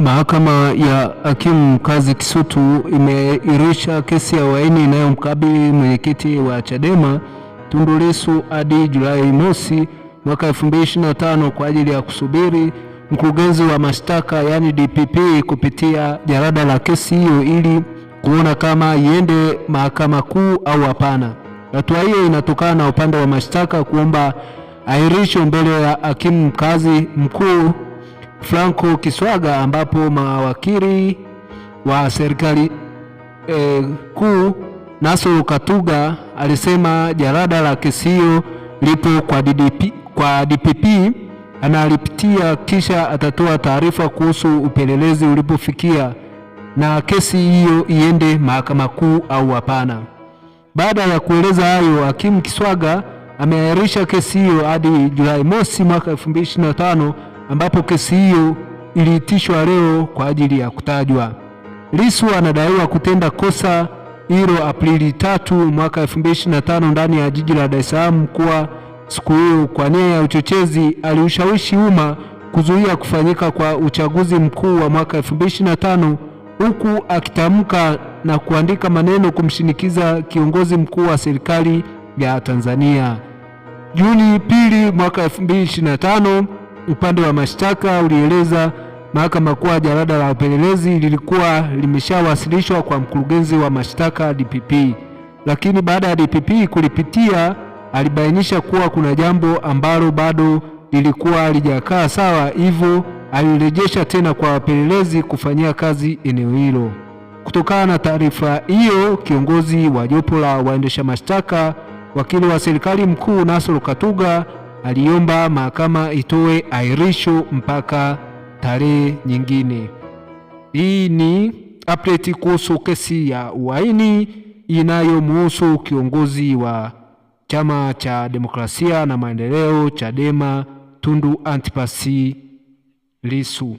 Mahakama ya hakimu mkazi Kisutu imeirisha kesi ya uhaini inayomkabili mwenyekiti wa Chadema Tundu Lissu hadi Julai mosi mwaka 2025 kwa ajili ya kusubiri mkurugenzi wa mashtaka yaani DPP kupitia jarada la kesi hiyo ili kuona kama iende mahakama kuu au hapana. Hatua hiyo inatokana na upande wa mashtaka kuomba ahirisho mbele ya hakimu mkazi mkuu Franco Kiswaga ambapo mawakili wa serikali e, kuu Nasoro Katuga alisema jarada la kesi hiyo lipo kwa DDP, kwa DPP analipitia kisha atatoa taarifa kuhusu upelelezi ulipofikia na kesi hiyo iende mahakama kuu au hapana. Baada ya kueleza hayo, hakimu Kiswaga ameahirisha kesi hiyo hadi Julai mosi mwaka 2025 ambapo kesi hiyo iliitishwa leo kwa ajili ya kutajwa. Lissu anadaiwa kutenda kosa hilo Aprili 3 mwaka 2025 ndani ya jiji la Dar es Salaam kuwa siku hiyo kwa nia ya uchochezi aliushawishi umma kuzuia kufanyika kwa uchaguzi mkuu wa mwaka 2025 huku akitamka na kuandika maneno kumshinikiza kiongozi mkuu wa serikali ya Tanzania. Juni pili mwaka Upande wa mashtaka ulieleza mahakama kuwa jalada la upelelezi lilikuwa limeshawasilishwa kwa mkurugenzi wa mashtaka DPP, lakini baada ya DPP kulipitia alibainisha kuwa kuna jambo ambalo bado lilikuwa halijakaa sawa, hivyo alirejesha tena kwa wapelelezi kufanyia kazi eneo hilo. Kutokana na taarifa hiyo, kiongozi wa jopo la waendesha mashtaka wakili wa serikali mkuu Nasoro Katuga aliomba mahakama itoe airisho mpaka tarehe nyingine. Hii ni update kuhusu kesi ya uhaini inayomhusu kiongozi wa Chama cha Demokrasia na Maendeleo, Chadema, Tundu Antipasi Lissu.